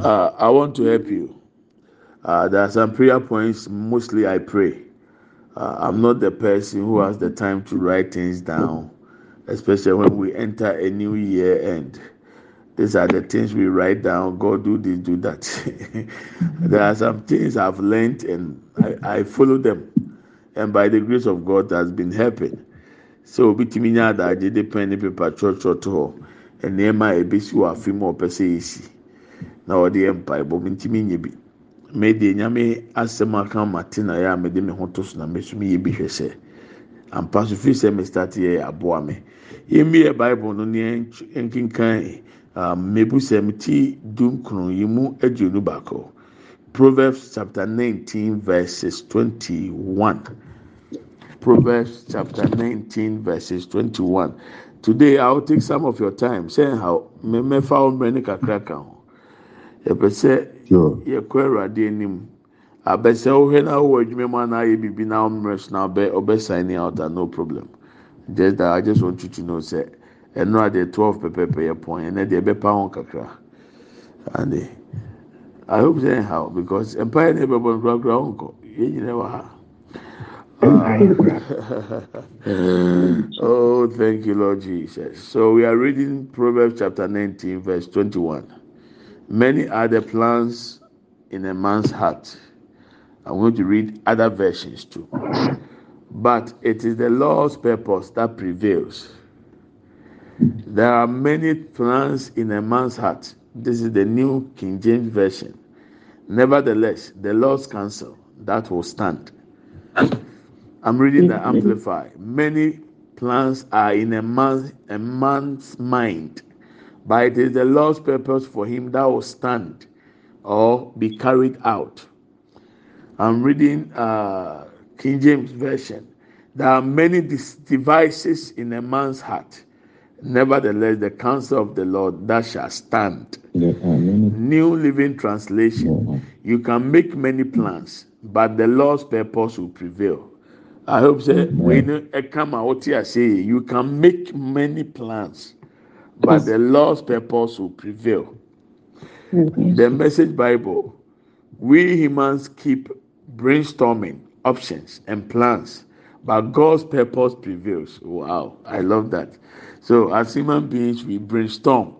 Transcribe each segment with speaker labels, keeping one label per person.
Speaker 1: Uh, I want to help you. Uh, there are some prayer points, mostly I pray. Uh, I'm not the person who has the time to write things down, especially when we enter a new year and these are the things we write down. God, do this, do that. there are some things I've learned and I, I, follow them. And by the grace of God, has been helping. So, bitiminya da agye de pen ne paper kyɔkyɔ to hɔ. Nneɛma a ebi si wɔ a ɔpɛ na wɔde yɛ mpaebɔ mi ntumi nyɛ bi mɛde nyame asɛm aka ma te na yɛ a mɛde me ho to so na mɛsumi yɛ bi hwɛ sɛ ampa so firi sɛ mɛstati yɛ aboa me yɛmi yɛ baibul no ne nkenkan mmebusɛm ah, ti dunkron yi mu aduonu baako proverbs chapter nineteen verses twenty-one proverbs chapter nineteen verses twenty-one today i will take some of your time sɛ how mɛmɛfa wɔn mmerɛ ne kakra ka ho. yɛpɛ yɛkɔ awurade anim abɛsɛ wohwɛ na wowɔ adwuma mu anaa yɛ biribi na wommerɛs na ɔbɛ ɔbɛ signing out no problem just that i just want you to know sɛ ɛno a deɛ twelve pɛpɛpɛ yɛ pɔn ɛnɛ deɛ ɛbɛpa ho kakra and eh, i hope say how because empire na ɛbɛbɔ nkorakora nkɔ yɛn nyinaa wɔ ha. Ah. oh, thank you, Lord Jesus. So we are reading Proverbs chapter 19, verse 21. Many are the plans in a man's heart. I'm going to read other versions too. But it is the Lord's purpose that prevails. There are many plans in a man's heart. This is the New King James Version. Nevertheless, the Lord's counsel that will stand. I'm reading the Amplify. Many plans are in a man's, a man's mind but it is the Lord's purpose for him that will stand or be carried out. I'm reading uh, King James Version. There are many devices in a man's heart. Nevertheless, the counsel of the Lord that shall stand. New Living Translation. You can make many plans, but the Lord's purpose will prevail. I hope that when I come out here, say you can make many plans but the Lord's purpose will prevail. The message Bible, we humans keep brainstorming options and plans, but God's purpose prevails. Wow, I love that. So, as human beings, we brainstorm,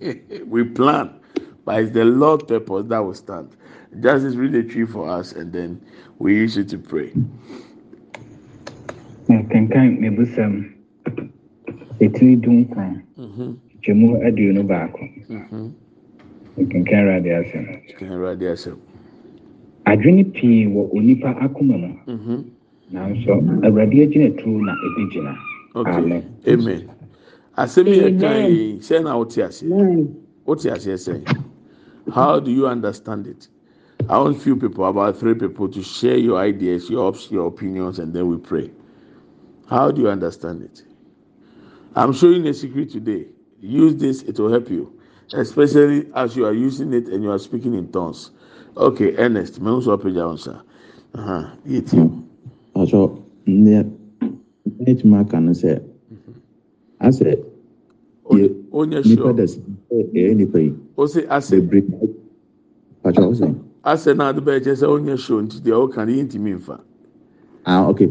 Speaker 1: we plan, but it's the Lord's purpose that will stand. Justice, read the tree for us, and then we use it to pray.
Speaker 2: etiri dunkwan kyɛmu mm-hmm. aduonu baako mm-hmm. nkenkan
Speaker 1: awurade asɛm
Speaker 2: adwene pii wɔ onipa akoma mu mm-hmm. nanso awurade agyina turo na ebi gyina
Speaker 1: amen amen asɛm yɛ kan yi sɛ na wote aseɛ wote aseɛ sɛ how do you understand it i want few people about three people to share your ideas your ups your opinions and then we pray how do you understand it. I'm showing a secret today. Use this, it will help you, especially as you are using it and you are speaking in tongues. Okay, Ernest, me nso apagya wọn sa. Yé ti. Ọ̀ṣọ́ ndé ndé tí máa kà ní sẹ́, a sẹ́ yẹ nípa dẹ̀sí ẹ̀yẹ nípa yìí. Ó sì asẹ̀. Ọ̀ṣọ́ ó sẹ́. Asẹ̀ náà adébẹ̀yẹ jẹ́ sẹ́ ó ń yẹ ṣòwò ntí di ọ̀ kàn ní yìí ntì Ah okay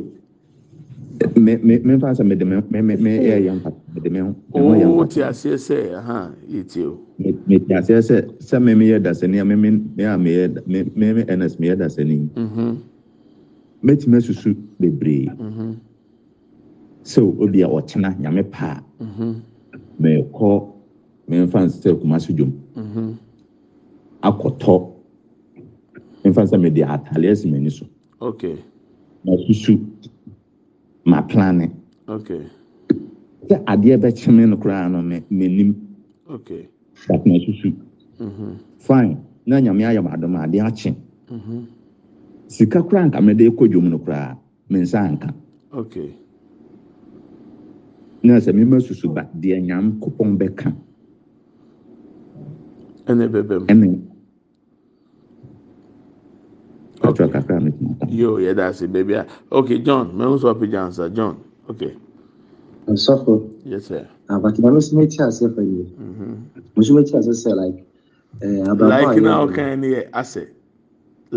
Speaker 1: me me me fa sɛ me de me me me me ɛyɛ yɛn fa me de me ho. ooo oh, ti aseɛ sɛ ɛhan yɛ e ti o. me me ti aseɛ sɛ sɛ me me yɛ dasani a me me me a me yɛ me me me ns me yɛ dasani. Mm-hmm. me ti me susu bebree. Mm-hmm. so obi a ɔtena nyame paa. Mm-hmm. me kɔ me nfa sɛ kumasi dwom. akɔtɔ me nfa sɛ me de ataleɛ si m'ani so. okay. na susu ma plane sɛ adeɛ bɛkye me nim. Okay. no m'anim but masusu fine na nyame ayɛ m'adom adeɛ akye mhm. sika kura nka mede kɔ dwom nukura koraa me nsa anka na sɛ mema susu ba deɛ nyankopɔn bɛka ɛne bɛbɛm okay yóò yẹ dá sí bẹẹbi a okay john mẹ́rin sọ pé jansa john okay.
Speaker 2: nsọfọ abatuma mi sọ mẹti ase fẹ yìí mo sọ mẹti ase sẹ like eh, abamu ayé like náà ọkàn
Speaker 1: ẹni yẹ asẹ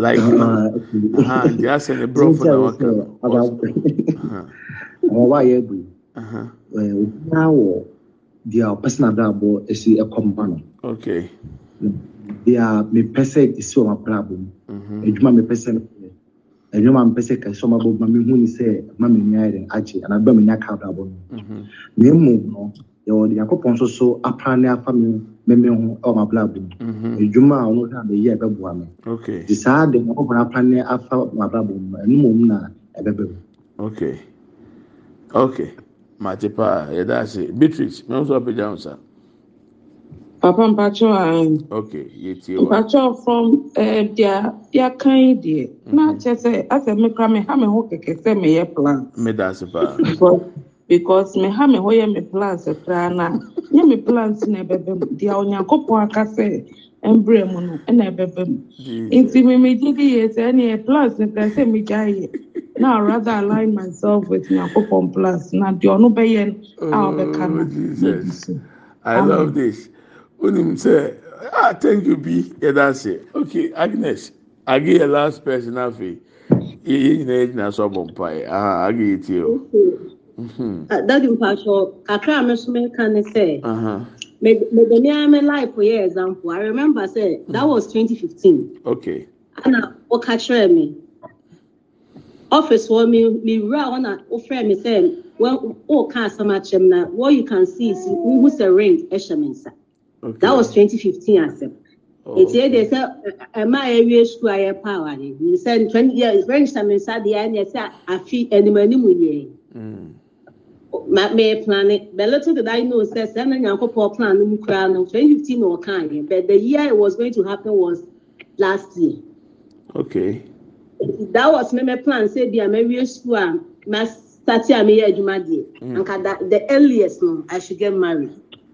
Speaker 2: like náà di
Speaker 1: asẹ ni brọfù náà ọkàn
Speaker 2: àwọn wa yẹ bu obi náà wọ di a ọpẹsẹ náà bẹ abọ ẹsẹ ẹkọ mọ náà deɛ mepɛ sɛ ɛsi wɔn aprabɔ mu adwuma mepɛ sɛ mepɛ adwuma mepɛ sɛ kɛse wɔn abɔ ma mehu ne sɛ ma me nya yɛrɛ agye anaa bɛ me nya kaadɔ abɔ mu na emu no yɛwɔ de yakɔpɔn nso so apra ne afa me meme ho ɛwɔ aprabɔ mu
Speaker 1: adwuma mm-hmm.
Speaker 2: a ɔno sɛ abɛyɛ ɛbɛboa me de saa de yakɔpɔn apra ne afa wɔn aprabɔ mu ɛnum wɔn
Speaker 1: na ɛbɛbɛ mu. okay okay mate paa yɛda ase beatrice mɛ nso apagya nsa.
Speaker 2: ppapmpate frɔm de a iakane deɛ na mhm. akyɛr sɛ asɛ mekra meha me hɔ kekɛ sɛ meyɛ plant becaus meha me hɔ yɛ me plant kraa noa yɛ me plant na bɛba mu dea onyankopɔn aka sɛ mberɛ mu no na bɛba mu nti memegyi de yɛ sɛa neɛ plant nokɛ sɛ mɛgyayɛ narahe alinms nyankopɔn plant na deɛ ɔno bɛyɛn a ɔbɛka
Speaker 1: no ɛs oh, onim sɛ ah thank you bi yɛda ase okay agnes age yɛ last person I yɛ you. nyinaa yɛ gyina so abɔ mpae aha age a tie o.
Speaker 2: dadi mpatsɔ kakra mi so mi ka ne uh-huh. life for example i remember Say that mm-hmm. was twenty fifteen. okay. ana ɔka kyerɛ me. office wɔ me mi wura ɔna ofra mi sɛ wɔn o ka asam akyɛm na what you can see is who's hu ring Mm-hmm. That was 2015 I said, Nti yɛ de sɛ ɛma ɛwie sukuu ayɛ pa awa ne nsɛ ntwɛn yɛ register mi nsa deɛ ɛna 'I feel any money yɛ. Mm. Ma mɛ eh, plane but little did I know sɛ sɛ ɛna nyankopɔ plan no mu kura no 2015 na kind. but the year it was going to happen was last year. Okay. That was my plan sɛ the a mɛ wie sukuu a ma start a mɛ yɛ the earliest no um, I should get married.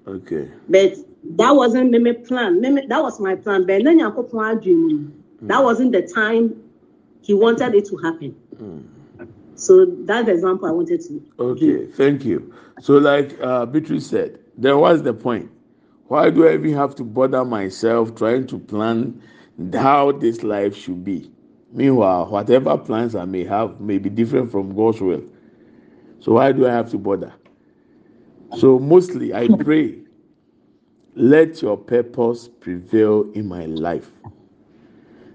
Speaker 2: Okay. But that wasn't my plan. that was my plan. But then mm. that wasn't the time he wanted it to happen. Mm. So that's the example I wanted to.
Speaker 1: Okay, give. thank you. So, like uh, Beatrice said, there was the point. Why do I even have to bother myself trying to plan how this life should be? Meanwhile, whatever plans I may have may be different from God's will. So, why do I have to bother? So, mostly I pray let your purpose prevail in my life.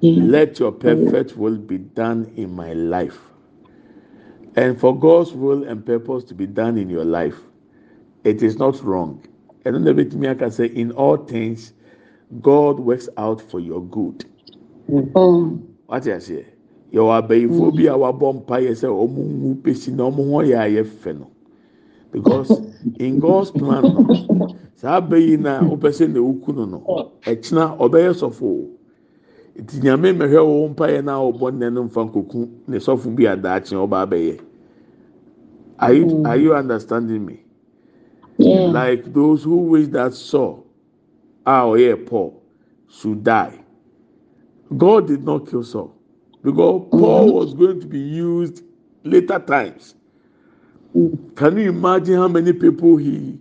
Speaker 1: Let your perfect will be done in my life. And for God's will and purpose to be done in your life, it is not wrong. And then the I can say in all things, God works out for your good.
Speaker 2: Mm.
Speaker 1: What I say? Yɛwɔ abɛyifo bi a because in God's plan saa abɛ na wopɛ sɛ na ewu no no oh. ɛkyina ɔbɛyɛ sɔfo eti nyame mɛhwɛ wo mpaeɛ na ɔbɔ nnɛ no mfa nkoku ne sɔfo bi adaakye ɔba abɛyɛ are you mm. are you understanding me. Yeah. like those who wish that saw ah oh Paul should die God did not kill Saul because mm-hmm. Paul was going to be used later times mm. can you imagine how many people he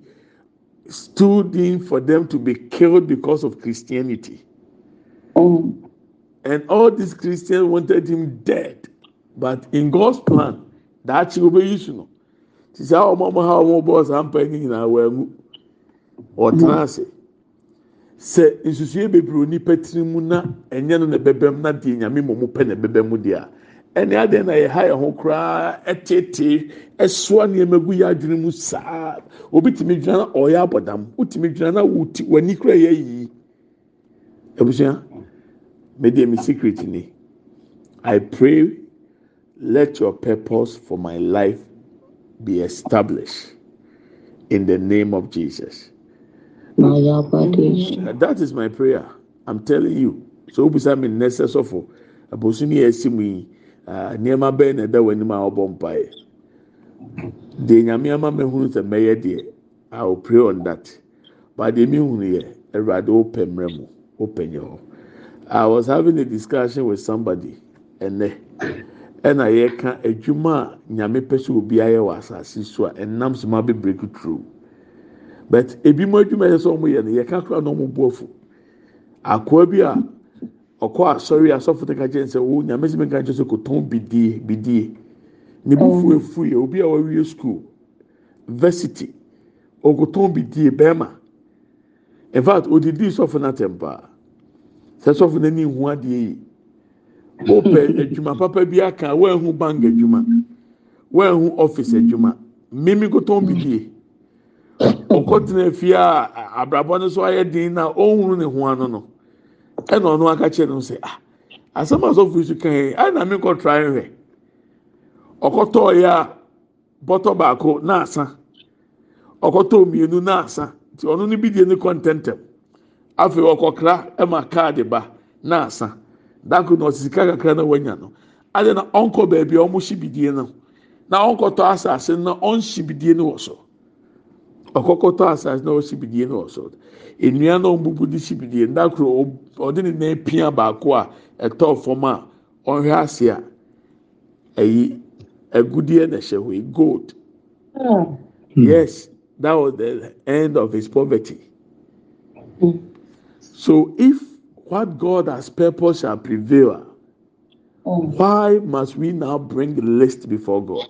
Speaker 1: stood in for them to be killed because of Christianity. Um, and all these Christians wanted him dead. But in God's plan, that should be used. She said, Oh, mama, how more boss I'm paying in our or transit. sɛ nsusuo bebree onipa tiri mu na ɛnyɛ no na ɛbɛbɛm na deɛ nyame mɔmu pɛ ɛne adeɛ na yɛ ha yɛ ho koraa ɛtete ɛsoa nneɛma gu yɛ adwene mu saa obi tumi gyina na ɔyɛ abɔdam wotumi gyina na wuti w'ani kura yɛ yi ebusua media mi secret ni i pray let your purpose for my life be established in the name of jesus. Uh, that is my prayer i'm telling you so obisa mi nẹsẹ sọfọ abosun ni ẹ si mu yi. Ah, nneɛma bɛyɛ na ɛda anim a ɔbɔ mpaeɛ deɛ nyame ama mɛhunu sɛ mɛyɛ deɛ i will pray on that but deɛ mi hunu yɛ ɛwurade wopɛ mmerɛ mu wopɛ nyɛ hɔ i was having a discussion with somebody ɛnɛ ɛna yɛka adwuma a nyame pɛ sɛ obi ayɛ wɔ asase so a ɛnam so ma bebree tuturo but ebi mo adwuma yɛ sɛ ɔmo yɛ no yɛka kora na ɔmo bu afu akoa bi a. ɔkɔ asɔre asɔfo teka kyɛn sɛ wo oh, nyame si mi nka kyɛn sɛ kotɔn bidie bidie ne bufu efu yɛ obi a wawie school varsity okotɔn bidie bɛrima in fact odidi sɔfo n'atɛm paa sɛ sɔfo n'ani hu adeɛ yi o pɛ adwuma papa bi aka wɔnhu bank adwuma wɔnhu office adwuma mímí kotɔn bidie ɔkɔ tena fie a abrabɔ ne so ayɛ den na ɔnhunu ne ho ano no. ɛna ɔno aka kyerɛ no sɛ a asɛm asɔfo yi so kan yi ayi na mi nkɔ tra ɛhwɛ ɔkɔtɔɔ yɛ a bɔtɔ baako naasa ɔkɔtɔɔ mmienu naasa nti ɔno ne bi die ne kɔ kɔntɛntɛm afei ɔkɔkra ɛma kaadi ba naasa dako na ɔsisi kakakra na wanya no adi na ɔnkɔ beebi a ɔmo hyi bidie no na ɔnkɔtɔ asase na ɔnhyi bidie no wɔ so. ɔkɔkɔtɔ asase na ɔsibidie na ɔso nnua na ɔmbubu de sibidie ndakoro ɔde ne nan pia baako a ɛtɔ e fam a ɔhwɛ ase a ɛyi e agudie e na ɛhyɛ hɔ gold hmm. Hmm. yes that was the end of his poverty hmm. so if what God has purpose shall prevail why must we now bring the list before God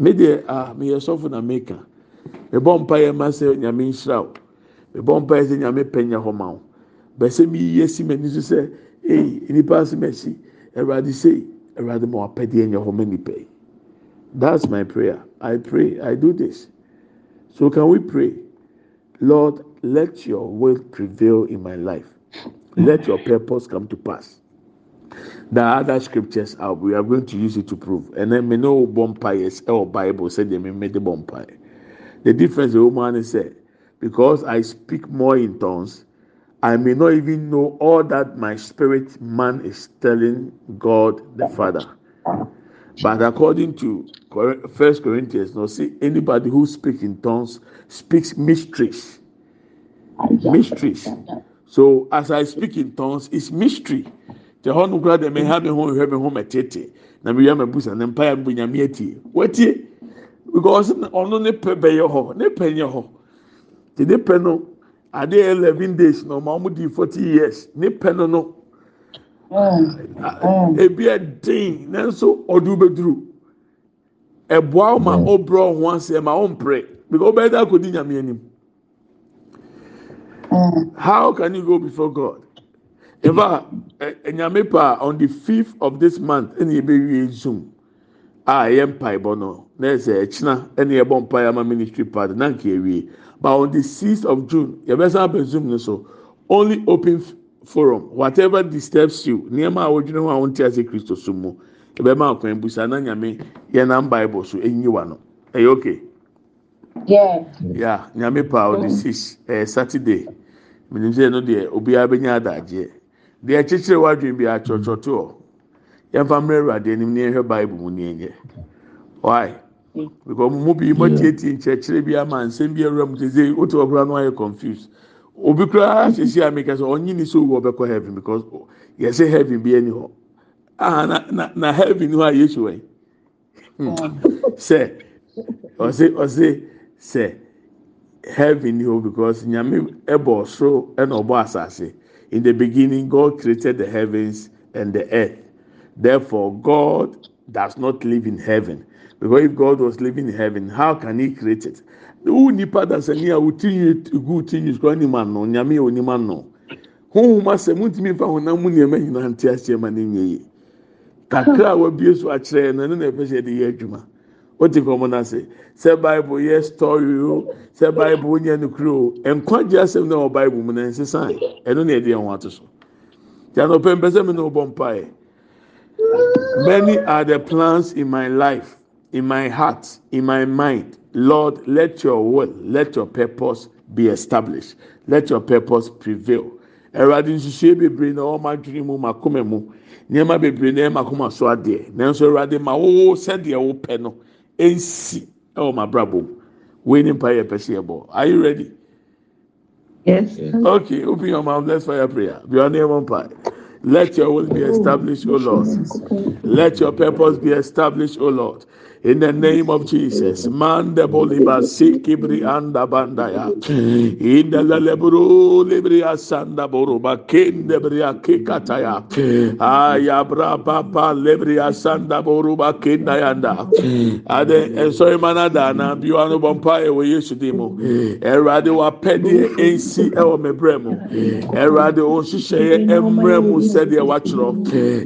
Speaker 1: me deɛ ah meyɛ sɔfo na meka mebɔ mpa yɛ ma sɛ nyame nhyira o mebɔ mpa yɛ sɛ nyame pɛnya hɔ ma o bɛsɛ mi yie si m'ani so sɛ eyi nipa asi m'akyi awurade sei awurade ma wapɛdeɛ nyɛ hɔ ma nipa yi that's my prayer i pray i do this so can we pray lord let your will prevail in my life let your purpose come to pass. the other scriptures out we are going to use it to prove and then me no bonfires or bible said they made the bonfire the difference the woman said because i speak more in tongues i may not even know all that my spirit man is telling god the father but according to first corinthians no see anybody who speaks in tongues speaks mysteries mysteries so as i speak in tongues it's mystery nodmpɛɛɛpɛɛe1daysnamdi f0 yeanpɛ bi aden nanso ɔde wo bɛduru boa o ma ɔbrɛhoasɛmaomprɛ bɛdaɔd nyamenim beog efa enyame pa on the fifth of this month ɛna yɛbɛwie zoom a ɛyɛ mpaebɔ no na ɛsɛ ɛkyina ɛna yɛbɔ mpae ama ministry part na nka ewie but on the sixth of june yɛbɛsan abɛ zoom no so only open forum whatever disturbs you nneɛma a wɔdwene ho a wɔn ti ase kristo so mu ɛbɛma akwan busa na nyame yɛn nam bible so enyi wa no ɛyɛ okay. yeah. yeah nyame pa on the sixth ɛɛ saturday menim sɛ ɛno deɛ obiara bɛnya adagyeɛ. deɛ kyekyere wadwin bi atwɔtwɔtoɔ yɛmfa mmerɛ awurade anim na yɛhwɛ bible mu nneɛnyɛ why hmm. because mu bi mo tietie nkyerɛkyerɛ bi ama nsɛm bi awura mu te sɛ wotu ɔkura no ayɛ confused obi koraa a ɔnyi ni so wɔ bɛkɔ heaven because yɛsɛ heaven bi ɛni hɔ na na na heaven hɔ a yesu wɛ hmm. ah. sɛ ɔsi ɔsi sɛ heaven ni hɔ because nyame ɛbɔ soro ɛna ɔbɔ asase. In the beginning, God created the heavens and the earth. Therefore, God does not live in heaven. Because if God was living in heaven, how can He create it? Who nipa ni a ni kakra na wote kɔn mu ase sɛ bible yɛ story o sɛ bible nyɛ no kuro o nkwagye asɛm na wɔ bible mu na nsesan ɛno na yɛde yɛn ho ato so yàtọ̀ pé mpɛsɛ mi na o bɔ mpa yɛ many are the plans in my life in my heart in my mind lord let your will let your purpose be established let your purpose prevail ɛwurade nsusuo bebree na wɔn adwene mu ma kɔn mu nneɛma bebree na ɛma kɔn mu aso adeɛ nanso ɛwurade ma wɔwɔ sɛdeɛ wɔpɛ no. nsi ɛwɔ oh, ma brabo wei ni mpa yɛ pɛ ɛbɔ are you ready. Yes. Okay, open your mouth. Let's fire prayer. Be on your pie. Let your will be oh, established, O Lord. Let your purpose be established, O Lord in the name of Jesus. Mande boliba sikibri anda bandaya. In the lebru libri asanda boruba kende bria kikataya. Ayabra papa libri asanda boruba kenda yanda. Ade ensoy manada na biwanu bompa ewe yesu dimu. Erade wa pedi ensi ewo mebremu. Erade onsusheye emremu sedi ewachro.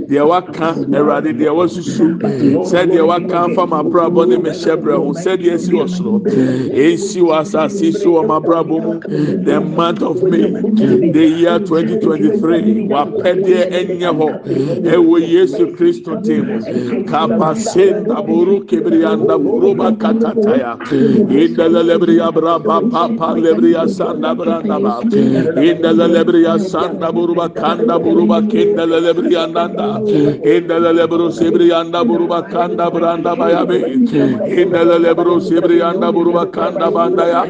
Speaker 1: Dewa kan erade dewa susu. fama abrabɔ ne mɛhyɛbrɛ ho sɛdeɛ si wɔ soro esi wɔ asase so wɔ my mu the month of may the year twenty twenty three wapɛdeɛ ɛnyɛ hɔ ɛwɔ eh, yesu kristo tem kapase ndaboro kebriya ndaboro ba katataya indalelebriya eh, braba papa lebriya sandabra ndaba indalelebriya sandaboro ba kandaboro ba kendalelebriya eh, nanda indalelebro anda ndaboro ba kandabranda bayabe Inda lebro sebri anda buru bakanda banda ya.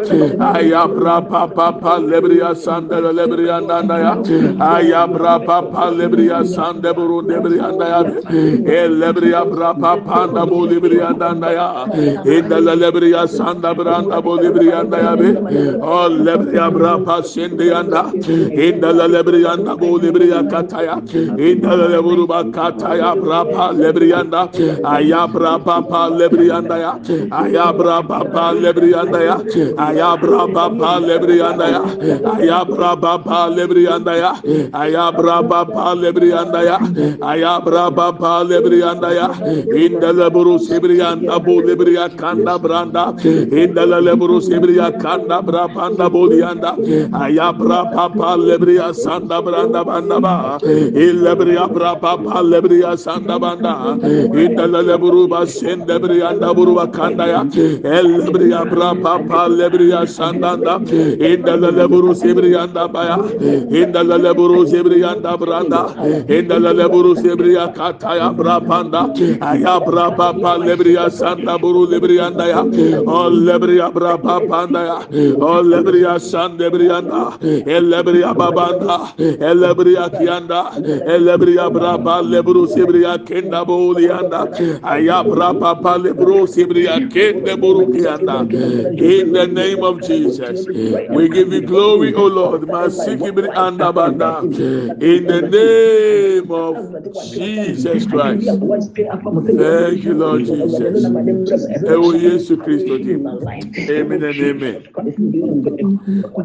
Speaker 1: Ayabra papa pa lebriya sanda lebriya anda ya. Ayabra papa lebriya sanda buru lebriya anda ya. E lebriya bra papa anda bu lebriya anda ya. Inda e lebriya sanda branda bu lebriya anda ya. be O lebriya bra pa sende anda. Inda lebriya anda bu lebriya kataya. Inda e leburu ba kataya bra pa lebriya anda. Ayabra papa lebriyanda ya ayabra baba lebriyanda ya ayabra baba lebriyanda ya ayabra baba lebriyanda ya ayabra baba lebriyanda ya ayabra baba lebriyanda ya indele buru sebriyanda bu lebriya kanda branda indele leburu sebriya kanda brabanda bu liyanda ayabra baba lebriya sanda branda banda ba illebriya baba lebriya sanda banda indele leburu basende lebriya ndaburu kandaya lebriya brapa pa lebriya sandanda indala leburu sebriya ndabaya indala leburu sebriya inda indala leburu sebriya kataya brapanda aya brapa pa lebriya sanda buru lebriya ya, o lebriya brapa ya, o lebriya san lebriya nda e lebriya babanda e lebriya kianda e lebriya brapa leburu sebriya kenda bo lianda aya brapa In the name of Jesus, we give you glory, O Lord. In the name of Jesus Christ. Thank you, Lord Jesus. Oh, Jesus Christ. Amen and amen.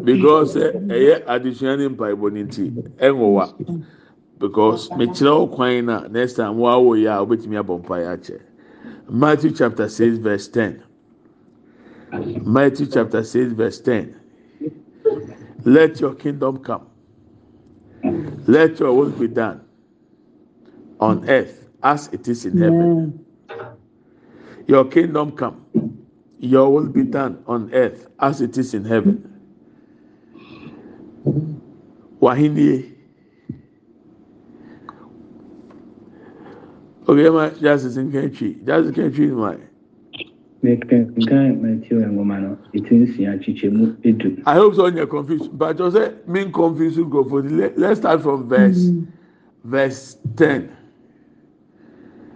Speaker 1: Because ɛyɛ adesua ne mpaebɔ ne nti ɛnwowa because mekyerɛ wo kwan next time woawɔ yɛ a wobɛtumi abɔ mpaeɛ akyɛ Matthew chapter 6, verse 10. Matthew chapter 6, verse 10. Let your kingdom come. Let your will be done on earth as it is in heaven. Your kingdom come. Your will be done on earth as it is in heaven. Wahindie. oge ma justice nkechi justice nkechi ma. nka mmeranteɛ wɔ nwoma no eti nsia kyikyɛ mu edu. i hope so on your confusion but ɔsɛ mean confusion gofodi let's start from verse mm. verse ten.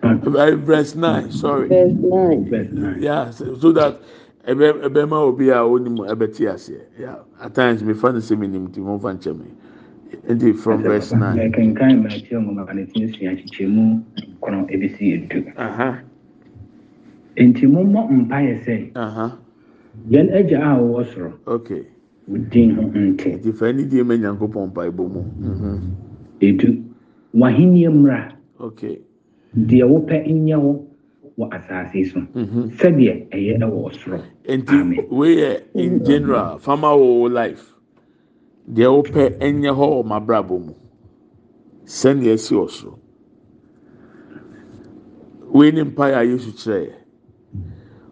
Speaker 1: Okay. verse nine sorry. verse nine. verse nine. yeah so, so that ɛbɛ ɛbɛ ma obi a onim ɛbɛ ti aseɛ yeah at times mi fa ne se mi nim ti mo fa nkyɛn mi nti from verse nine. kankan
Speaker 2: mmeranteɛ a wɔn ne ti si akyekyɛ mu nkron mhm. ebisi mhm. edu. nti mo mmɔ mpaeɛ
Speaker 1: sɛ. yɛn agya a wɔwɔ soro. okay. din ho nte. nti fɛn ni diɛ mɛ nyankopɔn mpaebɔ mu. edu wahenie mmra. okay. deɛ wopɛ nyɛ
Speaker 2: wo wɔ asase so. Mhm. sɛdeɛ ɛyɛ ɛwɔ soro.
Speaker 1: nti wei yɛ in general farmer wo life. deɛ wopɛ any hɔ wɔ m'abrabɔ mu sɛnea esi wɔ soro wei ne mpaeɛ a yesu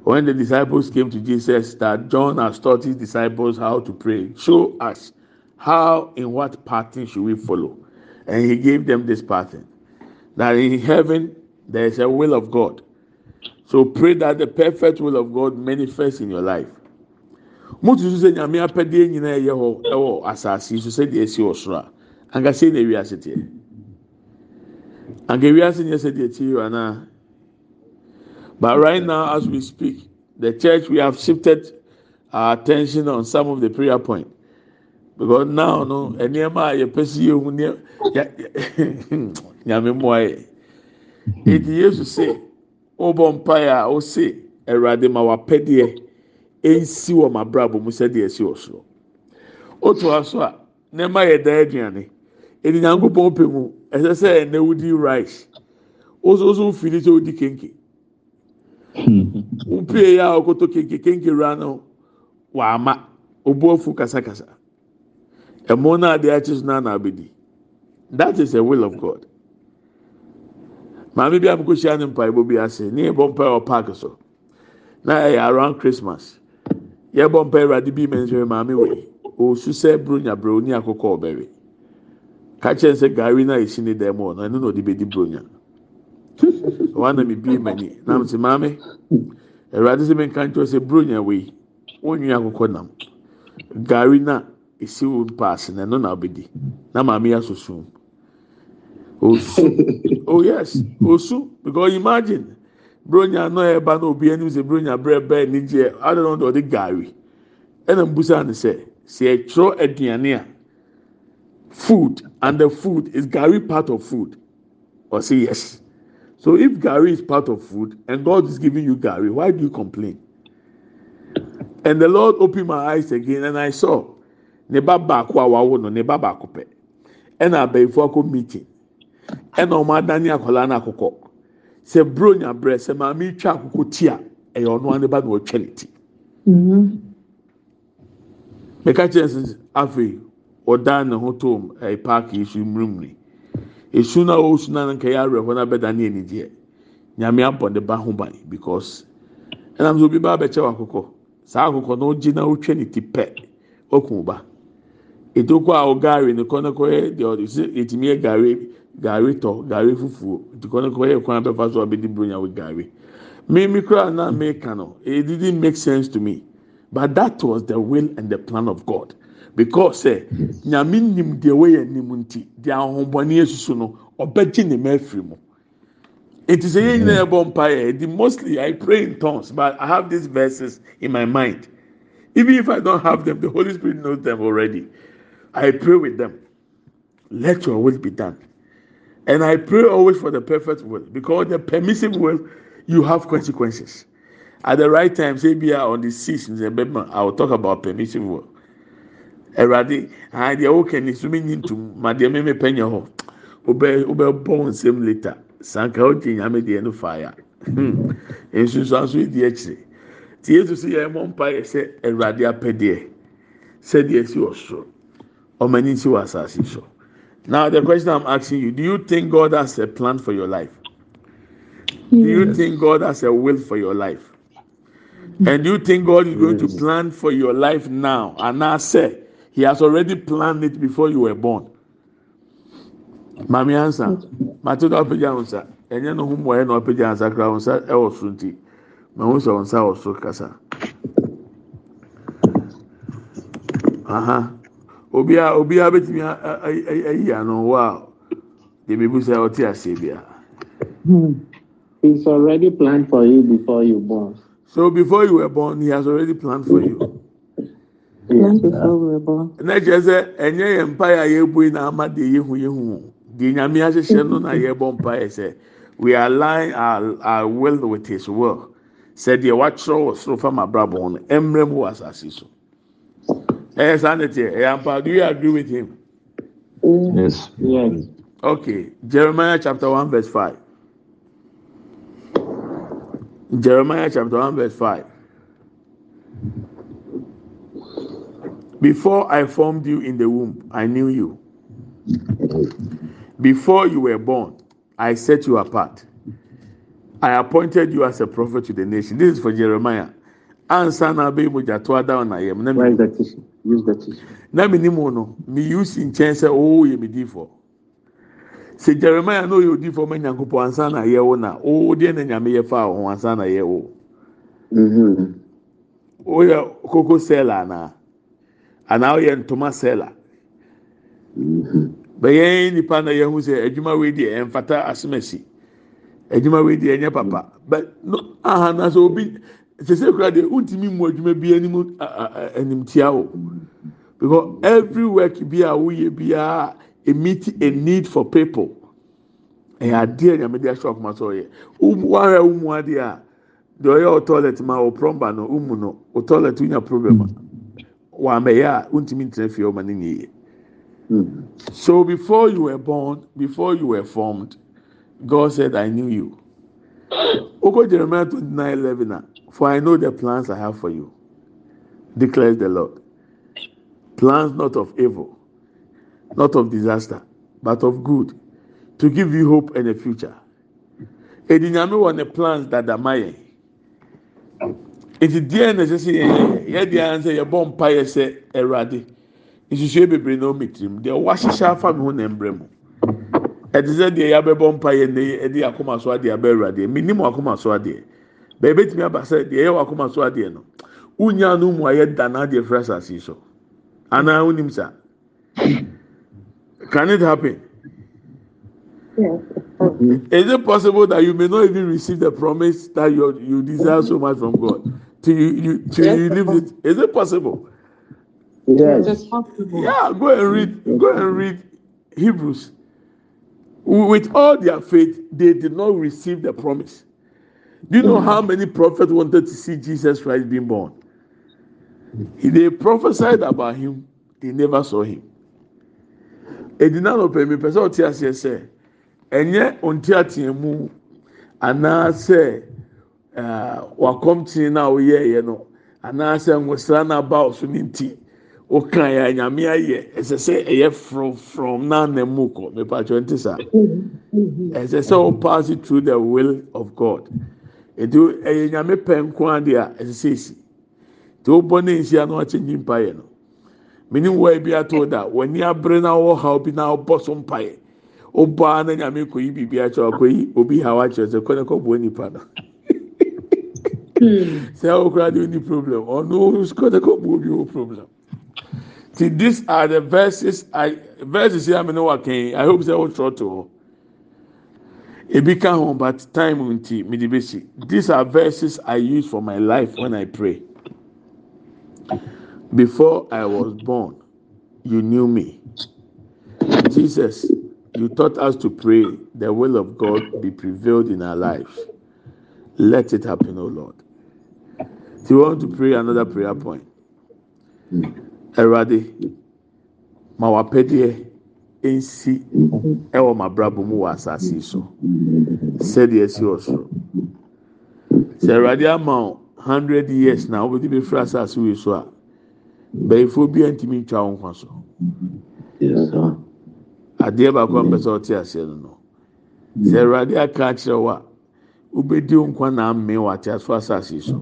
Speaker 1: when the disciples came to jesus that john has taught his disciples how to pray show us how in what pattern should we follow and he gave them this pattern that in heaven there is a will of god so pray that the perfect will of god manifests in your life motu so sɛ nyame apɛdeɛ nyinaa ɛyɛ hɔ ɛwɔ asase so sɛdeɛ ɛsi wɔ soro a anka sei na ewiase teɛ anka ewiase nyɛ sɛdeɛ ti yɛ anaa but right now as we speak the church we have shifted our attention on some of the prayer point because now no nneɛma a yɛpɛ si yɛ hu nneɛma nyame mmoa yɛ eti yesu se ɔbɔ mpaeɛ a ɔse ɛwurade ma wapɛdeɛ. ɛnsi wɔ mabrabɔ mu sɛdeɛ ɛsi wɔ soro otu so a ne mma yɛ da aduane ɛdi nyankopɔn pɛ mu ɛsɛ sɛ ɛnɛ wodi rice ososo fini sɛ wodi kenke hmm. wopie yɛ a ɔkoto kenke kenke ra no wama obu afu kasakasa ɛmo na adeɛ akyi so na na abedi that is the will of god maame bi a mo ko hyia ne mpaebɔ bi ase ne yɛ bɔ mpae wɔ park so na ɛyɛ around christmas. yɛbɔ mpa awurade bi mɛnsɛn maame wei osu sɛ bronya broni akokɔ ɔbɛwe kakyɛn sɛ gari na esi ne dɛm wɔ no ɛno na ɔde bɛdi bronya wɔn anam ebi mɛni nam sɛ maame awurade sɛ mɛnka nkyɛn sɛ bronya wei wɔnwi akokɔ nam gari na esi wo paase na ɛno na ɔbɛdi na maame yɛ soso osu oh yes osu because imagine. bronya no ɛreba eh, na obi anim sɛ bronya brɛ bɛɛ ne gyeɛ ada na ɔde gaari ɛna mbusa ne sɛ sɛ ɛtwerɛ aduane a food and the food is gaari part of food ɔsi yes so if gaari is part of food and God is giving you gaari why do you complain and the Lord opened my eyes again and I saw ne ba baako a wawo no ne ba baako pɛ ɛna abɛɛfo akɔ meeting ɛna wɔn adane akwadaa no akokɔ. sɛ buro nya brɛ sɛ maame twa akoko ti a ɛyɛ ɔno ane ba na ɔtwa ne ti mɛka mm-hmm. kyerɛ sɛ afei ɔdan ne ho tom ɛyɛ paaki esu mmirimiri esu na osu na nka yɛ awerɛ hɔ na bɛda ne anigyeɛ nyame abɔ ne ba ho ban because ɛnam sɛ obi ba abɛkyɛ wɔ akokɔ saa akokɔ na ɔgye na ɔtwa ne ti pɛ ɔkun ba etoko a ɔgaari ne kɔnɔkɔ yɛ deɛ ɔde sɛ etimi yɛ gaari. gaari tɔ gaari fufuo dukɔ ne kɔyɛ kwan bɛfa so abɛdi bronya with gaari mímí kura na meka no it didn't make sense to me but that was the will and the plan of God because ɛ nyame nim deɛ wɔyɛ nim nti deɛ ahombɔni esusu no ɔbɛgye ne mɛ firi mu it is a yɛn nyinaa bɔ mpa yɛ ɛdi mostly I pray in tongues but I have these verses in my mind even if I don't have them the Holy Spirit knows them already I pray with them let your will be done. And I pray always for the perfect will because the permissive will, you have consequences. At the right time, say, be on the 6th November, I will talk about permissive will. Eradi, I the okay, ni sumi ni tu, ma di me me penye ho. Obe obe born same later. Sanka o ti nyame di eno fire. Hmm. Ensu sansu di echi. Ti Yesu si ya mo mpa ye se eradi apede. E. Se di esi osoro. Omani si wasasi so. Now, the question I'm asking you do you think God has a plan for your life? Yes. Do you think God has a will for your life? And do you think God is going yes. to plan for your life now? And now say, He has already planned it before you were born. Mami answer. mati na ɔpagya nsa, ɛnyɛ no hum wɔyɛ na ɔpagya nsa kora nsa ɛwɔ so nti, ma ho sɛ nsa wɔ Aha obiara obiara bɛtumi ayi ano wa ebi bu sɛ ase bia. it's hmm. already planned for you before you born. so before you were born he has already planned for you. planned before we were born. ɛnna kyerɛ sɛ ɛnyɛ yɛn mpa yɛ a yɛbue yi na ama deɛ yehu yehu deɛ nyame ahyehyɛ no na yɛbɔ mpa yɛ sɛ we align our our will with his will sɛ deɛ wakyerɛw wɔ soro fam abrabɔ no ɛmrɛ mu wɔ asase so. Yes, Anity, Yampa, do you agree with him? Yes. Yes. Okay, Jeremiah chapter 1, verse 5. Jeremiah chapter 1, verse 5. Before I formed you in the womb, I knew you. Before you were born, I set you apart. I appointed you as a prophet to the nation. This is for Jeremiah. Answer na be mujatoa down na yem. na menim no meyusi nkyɛn sɛ oo oh, yɛ mediifoɔ sɛ jeremia na ɔyɛ odiifoɔ ma nyankopɔn ansa na yɛ wo na o oh, deɛ na nyame yɛ fa ho ansa na yɛ wo woyɛ koko sɛla na o woyɛ ntoma sɛla mm-hmm. bɛyɛ nipa na yɛhu sɛ adwuma wei deɛ ɛmfata asom asi adwuma wei deɛ ɛnyɛ papa but no aha na sɛ obi sese kura de ntumi mu adwuma bi anim anim tia o because every work bi a woyɛ biara e meet a need for people ɛyɛ adeɛ nyame de ahyɛ ɔkoma so ɔyɛ wahɛ wo mu adeɛ a deɛ ɔyɛ o toilet ma o plumber no wo mu no o toilet wonya problem a wamɛyɛ a wontumi ntena fie ɔma ne nyɛ so before you were born before you were formed god said i knew you wokɔ jeremiah twenty nine eleven a. For I know the plans I have for you, declares the Lord. Plans not of evil, not of disaster, but of good, to give you hope and a future. Edi nyame wɔ ne plans dadama yɛn. Eti deɛ na ɛsɛ sɛ yɛn yɛ yɛ deɛ ansɛ yɛbɔ mpa yɛ sɛ ɛwurade. Nsusue bebree na ɔmo tirim deɛ wahyehyɛ afa mi ho na mbrɛ mu. Ɛde sɛ deɛ yɛabɛbɔ mpa yɛ na ɛde akoma so adeɛ abɛ ɛwurade. Minim akoma so adeɛ bɛɛbɛtumi aba sɛ deɛ ɛyɛ wakoma so adeɛ no wonya no mu ayɛ da n'adeɛ fira asase so anaa wonim sa can it happen yes. is it possible that you may not even receive the promise that you you desire so much from God till you you till you leave it is it possible yes yeah go and read go and read Hebrews with all their faith they did not receive the promise Do you know how many prophets wanted to see Jesus Christ being born? They prophesied about him, they never saw him. Ɛdi na lọ pẹ̀lú pẹ̀sẹ̀ ọ̀tí aseɛ sɛ now, ɔnti ateɛ mu anaasɛ now na ɔyɛ ɛyɛ no say, nwosira we aba about ne nti Okay, yɛ anyame ayɛ ɛsɛ sɛ say, from from Nanemuko, na mu kɔ mipatwɛ nti sa ɛsɛ mm-hmm. sɛ through the will of God. nti ɛyɛ nyame pɛ nko adi a ɛsesɛsi te o bɔ ne nsia na ɔkye nyi mpaeɛ no mini wɔ ebi ato da wɔni abere na ɔwɔ ha obi na ɔbɔ so mpaeɛ ɔbaa na nyame kɔ yi biribi akyerɛ ɔkɔ yi obi ha wakyerɛ sɛ kɔ ne kɔ bɔ nipa no hmm. sɛ ɔkura de ni problem ɔno kɔ ne kɔ bɔ obi wɔ problem ti these are the verses i verses yi a mi ne wa kɛn i hope sɛ o tɔrɔ to hɔ ebi ka ho but time nti me de besi these are verses i use for my life when i pray before i was born you knew me jesus you taught us to pray the will of god be prevailed in our lives let it happen o lord Do you want to pray another prayer point ẹ̀rọ hmm. adé màwá pẹ́ díẹ̀ nsi ɛwɔ mo mu wɔ asase yi so sɛdeɛ ɛsi wɔ soro sɛ awurade ama wo hundred years na wobɛdi bɛ firi asase wei so a bɛyifoɔ bi ntumi ntwa wo nkwa so adeɛ baako a mpɛ ɔte aseɛ no no sɛ awurade aka akyerɛ wo a wobɛdi wo nkwa na ame wɔ ate aso asase yi so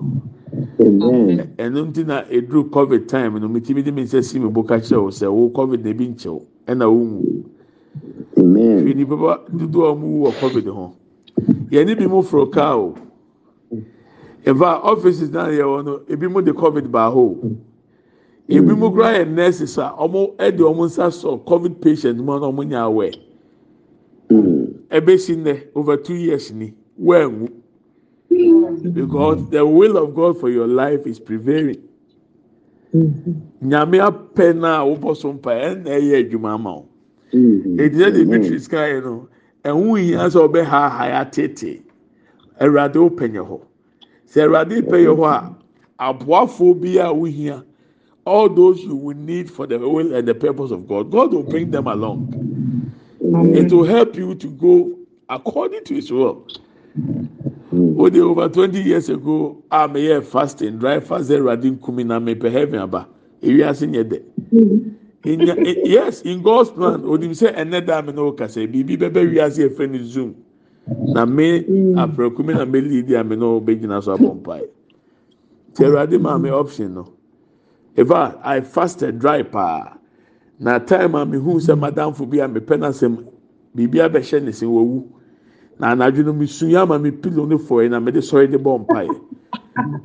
Speaker 1: ɛno nti na ɛduru covid time no metumi de me nsa si me bo ka sɛ wo covid na ebi nkyɛw ɛna wɔnwu fi nipa dodoɔ a wɔwu wɔ covid ho yɛne bi mu foro kaa o ɛfa offices naa yɛ wɔ no ebi mu de covid baako ebi mu kura yɛ nurses a wɔn ɛde wɔn nsa sɔ covid patients? mu na wɔn nyɛ awɛ ɛbɛsi nnɛ over two years ni wɔn ɛnwu because the will of God for your life is prevailing. Mm-hmm. nyame apɛ na wobɔ so mpa ɛna ɛyɛ adwuma ama wo ɛdi sɛ dimitri sky no ɛho hia sɛ ɔbɛhaahaya tete awurade wopɛnyɛ hɔ sɛ awurade pɛyɛ hɔ a aboafoɔ bi a wohia all those you will need for the will and the purpose of God God will bring them along it will help you to go according to his will o mm. di over twenty years ago a meyɛ fasting dry fast ɛwurade nkumi na mepɛ heaven aba ewi ase nyɛ dɛ yes in God's plan onim sɛ ɛnɛ daa mi na o kasa biribi bɛbɛ wi ase efe ne zoom na me apɛrɛkumi na me lead a mi na o bɛ gyina so abɔ mpae ti mi option no eva I fasted dry paa na time a mi hu sɛ madamfo bi a mepɛ na sɛm biribi abɛhyɛ ne se wɔwu. na anadwo no mesu ya ma mi pilo ne fɔe na de sɔre de bɔ mpaeɛ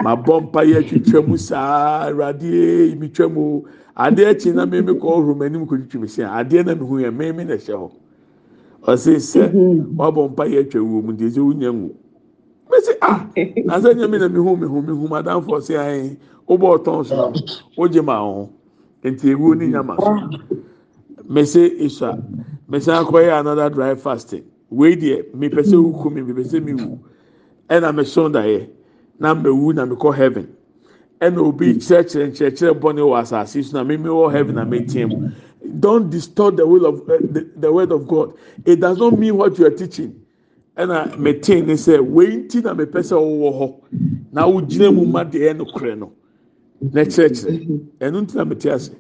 Speaker 1: ma bɔ mpaeɛ twitwa mu saa awurade mi twa mu adeɛ akyi na mi me kɔɔ huru m'anim kɔ twitwi me se adeɛ na mehu yɛ mi mi na ɛhyɛ hɔ ɔse sɛ wabɔ mhm. mpaeɛ atwa wuo mu deɛ sɛ wonya nwu mesi ah na sɛ nyɛ me na mi mehu mehu madamfo ɔse ae wobɔ ɔtɔn so no wogye ma ho nti ewuo ne nyama so mhm. mesi esua mesi akɔyɛ another dry fasting wei deɛ mepɛ sɛ woku me mepɛ sɛ mewu ɛna mesɔn daeɛ na mewu na mekɔ heaven ɛna obi kyerɛkyerɛ nkyerɛkyerɛ bɔne wɔ asase so na me wɔ heaven na metia mu don't distort the will of eh, the, the word of god it does not mean what you are teaching ɛna metin ne sɛ wei ti na mepɛ sɛ wɔwɔ hɔ na wogyina mu ma deɛ Ne korɛ no na kyerɛkyerɛ ɛno nti na ase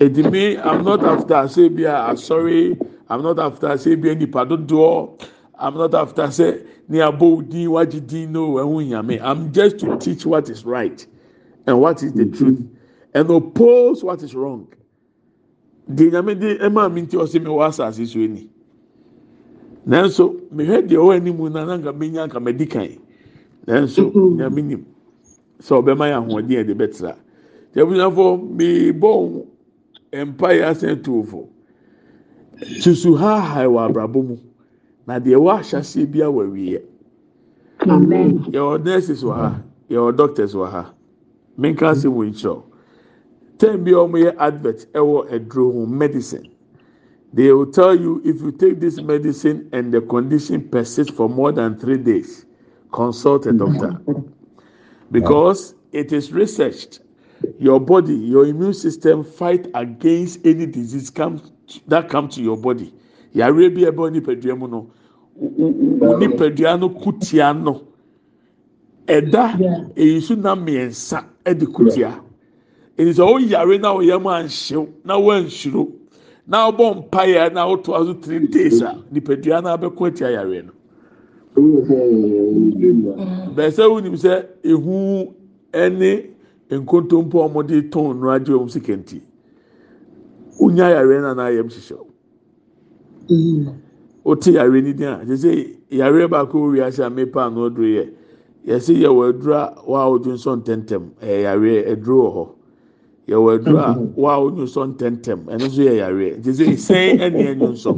Speaker 1: i'm not after ase bi a sorry. i'm not after say sɛ ebi nipa dodoɔ i'm not after say ní abó din wájú din no ɛhún eh, i'm just to teach what is right and what is the mm-hmm. truth and oppose what is wrong di nyame di ɛmaa eh, mi ti ɔsi mi wɔ asaase so ni nanso mehwɛ deɛ ɔwɔ anim na nanka menya nka mɛdi kan nanso mm-hmm. nyame nim sɛ ɔbɛma yɛ ahoɔden yɛ de bɛtira tɛbunyafo mi bɔ mpaeɛ asɛn tuofo. susu ha ha wɔ abrabɔ mu na deɛ ɛwɔ ahyɛseɛ bi awɔ awie yɛwɔ nurses wɔ ha yɛwɔ doctors wɔ ha menka se wɔn nkyerɛw term bi a wɔyɛ advert ɛwɔ aduro ho medicine they will tell you if you take this medicine and the condition persists for more than three days consult a doctor because it is researched your body your immune system fight against any disease comes that come to your body yàrá bi ẹbọ nipadua mu no nipadua no kutia no ẹda èyí so nam mmiɛnsa ɛde kutia èyí sɛ ɔyàrá na ɔyɛ mu anhyew na wɔnhyiro na ɔbɔ mpaeɛ na ɔtɔ aso three days a nipadua na abɛko atia yàrá no mm-hmm. bɛsɛ ni sɛ ehu ɛne nkontompo a wɔde tɔn nnua gye wɔn si wonya yare na na ayam hyehyɛ wo wote mm. yare ni din a kye sɛ yare baako wo wiase a mepa ano duro yɛ yɛsɛ yɛwɔ aduro a waa wodwo nsɔ ntɛntɛm ɛyɛ yare aduru wɔ hɔ yɛwɔ aduro a waa wodwo nsɔ ntɛntɛm ɛno nso yɛ yare kye sɛ sɛn ɛne ɛnyo nsɔ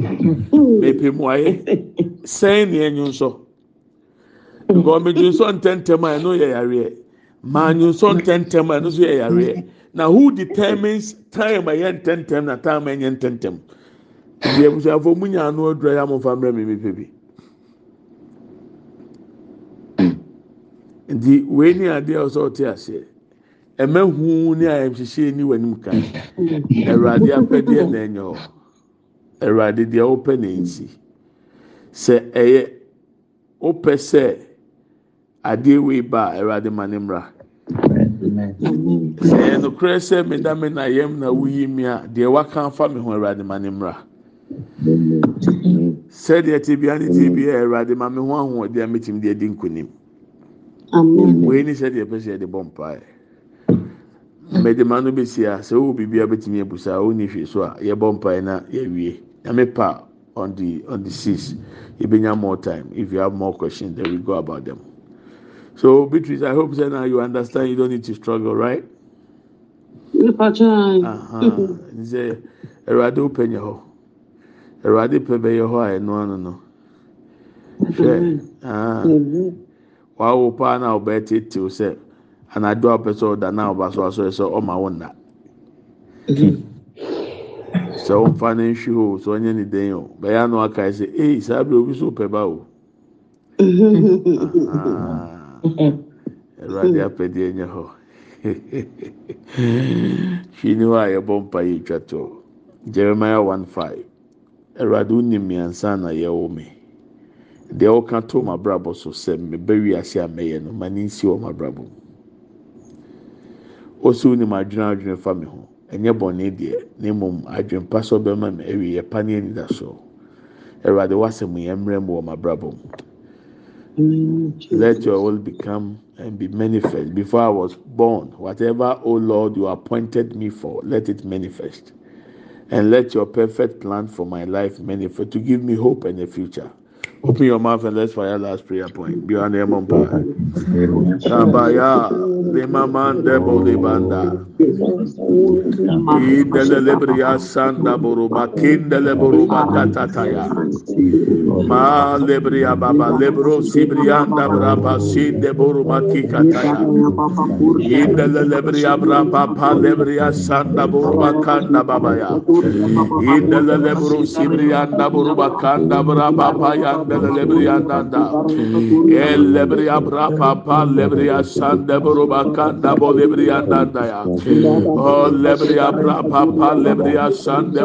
Speaker 1: mepe mu ayɛ sɛn ne ɛnyo nsɔ nkɔmidwo nsɔ ntɛntɛm a ɛno yɛ yare maa nyo nsɔ ntɛntɛm a ɛno nso yɛ yare. na who determines time ɛyɛ ntɛntɛm na time ɛnyɛ ntɛntɛm deɛ busuafo mu nya ano adura yɛ amofa mmerɛ mi mi pɛ bi nti wei ni adeɛ a ɔsɛ ɔte aseɛ ɛmɛ huu ne a ɛmhyehyɛ ni wɔ anim kan ɛwurade apɛdeɛ na ɛnyɛ hɔ ɛwurade deɛ ɔpɛ na ɛnsi sɛ ɛyɛ ɔpɛ sɛ adeɛ wei ba ɛwurade ma ne mmra sɛ nokorɛ sɛ me dame na yɛm na woyi mi a deɛ waka fa me ho awurade ma ne mmra sɛdeɛ te bia ne te bia awurade ma me ho ahoɔden a mɛtumi de adi nkonim wei ne sɛdeɛ ɛpɛ sɛ yɛde bɔ mpaeɛ mɛde ma no bɛsi a sɛ wowɔ biribi a bɛtumi a yɛbɔ mpaeɛ na yɛwie na mepa on the on the six yɛbɛnya more time if you have more questions then we go about them So, Beatrice, I hope that now you understand you don't need to struggle, right?
Speaker 2: Uh-huh.
Speaker 1: Nse Awurade ah. wo pɛnyɛ hɔ Awurade pɛ bɛyɛ hɔ a ɛno ano no hwɛ wawo paa na ɔbɛ tetew sɛ anadu a na ɔba so asɔre sɛ o sɛ ɔnyɛ ne den o bɛyɛ ano aka sɛ ee saa obi so pɛ ba o. awurade apɛde ɛnyɛ hɔ hwii ni hɔ a yɛbɔ mpa yi twa to jeremiah one five awurade wonim mmiɛnsa na yɛwɔ me deɛ ɔka to ma brabɔ so sɛ meba wiase a mɛyɛ no ma ne nsi wɔ ma brabɔ mu ɔsi wonim adwene adwene fa me ho ɛnyɛ bɔnne deɛ ne mmom adwene pa so bɛma me awieɛ pa ne anidasoɔ awurade wasɛm yɛ mmerɛ mu wɔ ma brabɔ mu Let your will become and be manifest. Before I was born, whatever, O Lord, you appointed me for, let it manifest. And let your perfect plan for my life manifest to give me hope and a future. Open your mouth and let's pray our last prayer point. Beyond the Mumpa. Sabaya, Limaman Debo Libanda. Idelebria Santa Boruba, Kindeleburuba Katataya. Ma Lebria Baba, Lebro Sibrianda Braba, Sin de Boruba Kikataya. Idelebria Braba, Palebria Santa Boruba Kanda Babaya. Idelebro Sibrianda Boruba Kanda Braba Payanda. da lebri andanda el lebri abra bo lebri andanda ya o lebri abra papa lebri asanda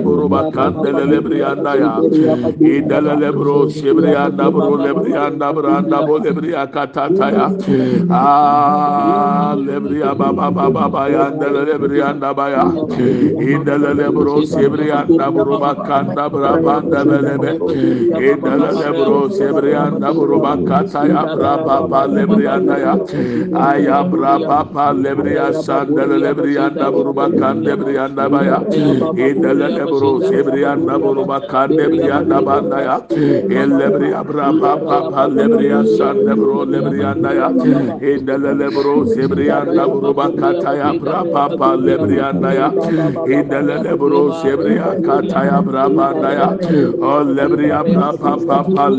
Speaker 1: ya idala lebro shebri anda bro lebri bo lebri ya ah lebri baba baya andala baya idala lebro shebri anda buruba kanda brabanda lebe idala lebro bro sebrianda buruba kataya braba pa lebrianda ya aya braba pa lebria sandele lebrianda buruba kande baya indele de bro sebrianda buruba kande brianda banda ya elebria braba pa pa lebria sande bro lebrianda ya indele le bro sebrianda buruba kataya braba pa lebrianda ya indele le bro sebria braba ya o lebria braba pa pa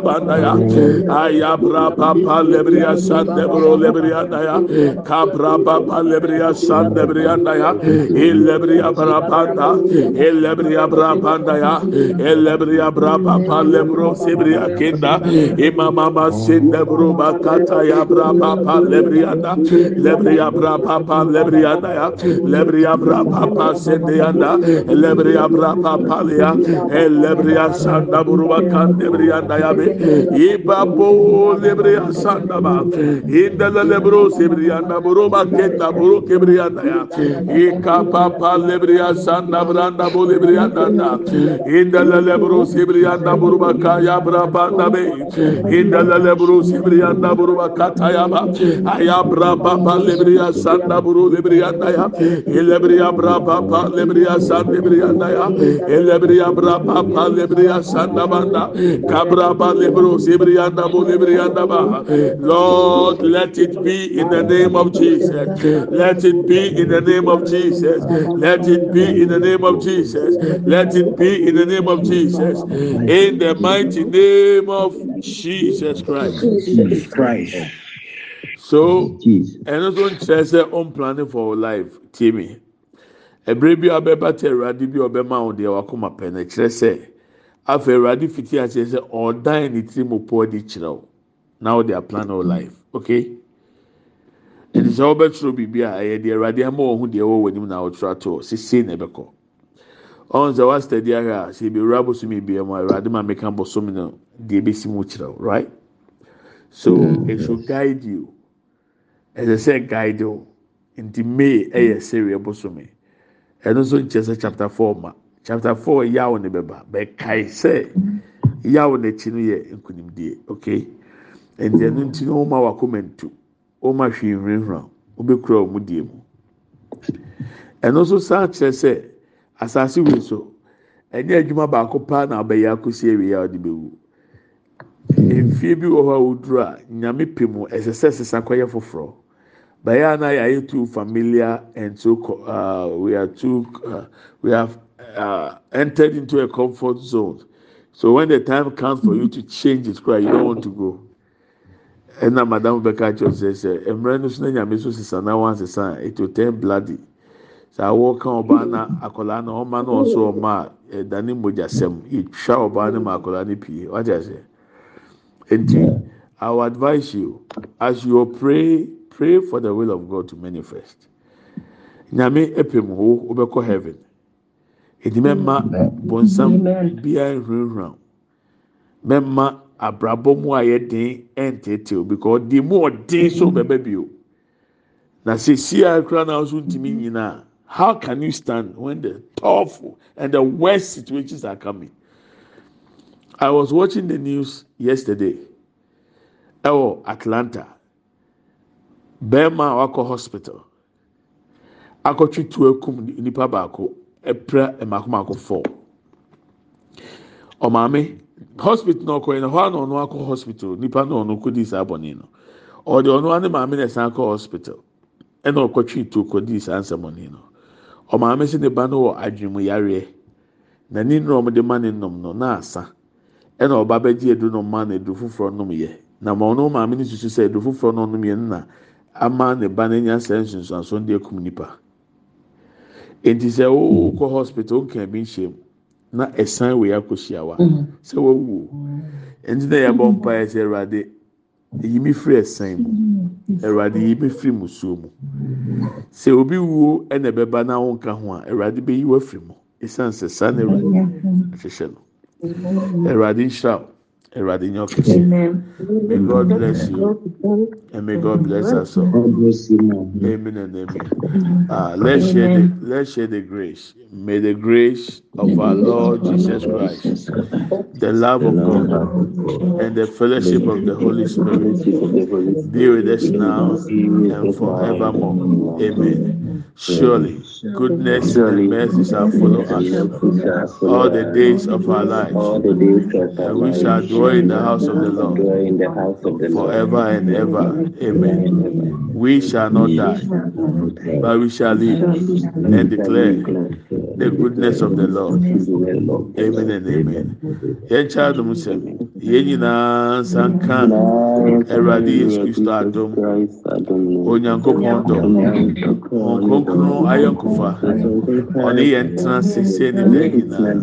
Speaker 1: la aya bra papa lebria sande bro lebria daya kabra papa lebria sande bria daya illebria bra panda illebria bra panda ya illebria bra papa lebro sibria kinda imama basinde bro bakata ya bra papa lebria da lebria bra papa lebria daya lebria papa sinde yanda lebria bra papa ya illebria sanda bro bakande bria daya lebre iba po lebre asanda ba inda la lebro sebri anda buru ba kenda buru kebri anda ya ika pa pa lebre asanda branda bo lebre anda da inda la lebro sebri anda buru ba kaya bra ba da be inda la lebro sebri anda buru ba kata ya ba aya bra ba pa lebre asanda buru lebre anda ya lebre bra ba pa lebre asanda lebre anda ya lebre bra ba pa lebre asanda banda kabra ba Oh, Lord, let it be in the name of Jesus. Let it be in the name of Jesus. Let it be in the name of Jesus. Let it be in the name of Jesus. In the mighty name of Jesus Christ. Jesus Christ. So, and also says on planning for life, Timmy. Ebre bi abeba te awurade bi ɔbɛma wo deɛ wakoma pɛ afei awurade fiti aseɛ sɛ ɔdan ne tiri mu pɔɔ de kyerɛ wo na ɔde aplan o life okay ɛdi sɛ ɔbɛtwerɛ biribi a ɛyɛ deɛ awurade ama wɔn ho deɛ ɛwɔ wɔn anim na ɔtwerɛ ato sese na ɛbɛkɔ ɔn sɛ wasitɛ di ahɛ a sɛ ebi ewura bosom ebi ɛmu awurade ma meka bosom na deɛ ebesi mu kyerɛ wo right so mm, it should guide you ɛsɛ sɛ guide wo nti may ɛyɛ sɛ ɛwia bosom ɛno nso nkyɛ sɛ chapter four ma chapter four yaw ne bɛba bɛkae sɛ yaw n'akyi no yɛ nkunimdie okay nti ɛno nti no ɔma wakoma ntu ɔma hwee nhwirenhwira ɔbɛkura ɔmo die mu ɛno nso san kyerɛ sɛ asase wei so ɛnyɛ adwuma baako paa na abɛyɛ akɔsi awia a ɔde bɛwu mfie bi wɔ hɔ a woduro a nyame pɛ mu ɛsɛ sɛ sesa kɔyɛ foforɔ bɛyɛ a na yɛayɛ too familiar and too uh, we are too uh, we have uh, entered into a comfort zone. So when the time comes for you to change it, cry, you don't want to go. ɛna madam bɛka kyerɛ sɛ sɛ mmerɛ no so na nyame so sisa na wan sisa it will turn bloody saa wɔka ɔbaa na akwadaa na ɔma na ɔso ɔma a ɛda ne mogya sɛm yɛtwa ɔbaa no ma akwadaa i will advise you as you pray pray for the will of god to manifest nyame epimu ubeko heaven ɛdi mɛma bɔnsam biara nhwirenhwira mɛma abrabɔ mu a yɛ den ɛntetew because deɛ mu ɔden so bɛbɛ bio na sisi a kura na nso ntumi nyinaa how can you stand when the tough and the worst situations are coming i was watching the news yesterday ɛwɔ atlanta bɛrima a wakɔ hospital akɔtwi tuo ekum nipa baako. ɛpra mmaako mmaako four ɔmaame hospital na ɔkɔɛ na hɔ ana ɔno akɔ hospital nipa na ɔno kɔ di saa bɔnne no ɔde ɔno ane maame na ɛsan kɔ hospital ɛna ɔkɔ twi to kɔ di saa nsɛmɔne no ɔmaame si ne ba no wɔ adwene mu yareɛ na ne nnura ɔmo de ma ne nom no na asa ɛna ɔba di edu no ma na edu foforɔ nom yɛ na ma ɔno maame ne susu sɛ edu foforɔ no nom yɛ na ama ne ba n'anya sɛ nsonsanso de ekum nipa. nti sɛ wokɔ hospital nka bi nhyɛ mu na ɛsan wei akɔhyiawa mhm. sɛ wawu nti na yɛbɔ mpaeɛ sɛ awurade eyi mi firi ɛsan mu awurade eyi mi firi musuo mu sɛ obi wuo ɛna ɛbɛba na wɔnka ho a awurade bɛyi wafiri mu esan sɛ saa na awurade ahyehyɛ no awurade nhyira o. Amen. May God bless you. And may God bless us all. Amen and amen. Uh, let's, Share the, let's share the grace. May the grace of our Lord Jesus Christ, the love of God, and the fellowship of the Holy Spirit be with us now and forevermore. Amen. Surely goodness and mercy shall follow us all the days of our life, and we shall dwell in the house of the Lord forever and ever. Amen. We shall not die, but we shall live and declare the goodness of the Lord. Amen and amen. yɛn nyinaa nsa nka yesu kristo adom onyankopɔn dɔm wɔn kronkron ayɔnkofa ɔne yɛn tena sese ne dɛ nyinaa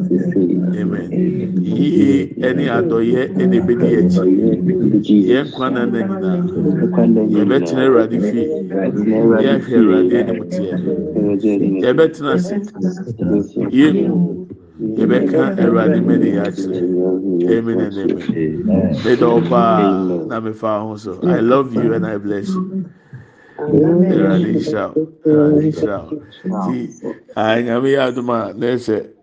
Speaker 1: amen yie ɛne adɔyɛ ɛna ebedi akyi yɛn nkwa na na nyinaa yɛbɛtena awurade fie yɛahwɛ awurade anim yɛbɛka awurade mɛ ne yɛakyerɛ ɛmi ne ne mɛ ne dɔw paa na ho so i love you and i bless you awurade nhyira wo awurade nhyira wo nti anyame yɛ a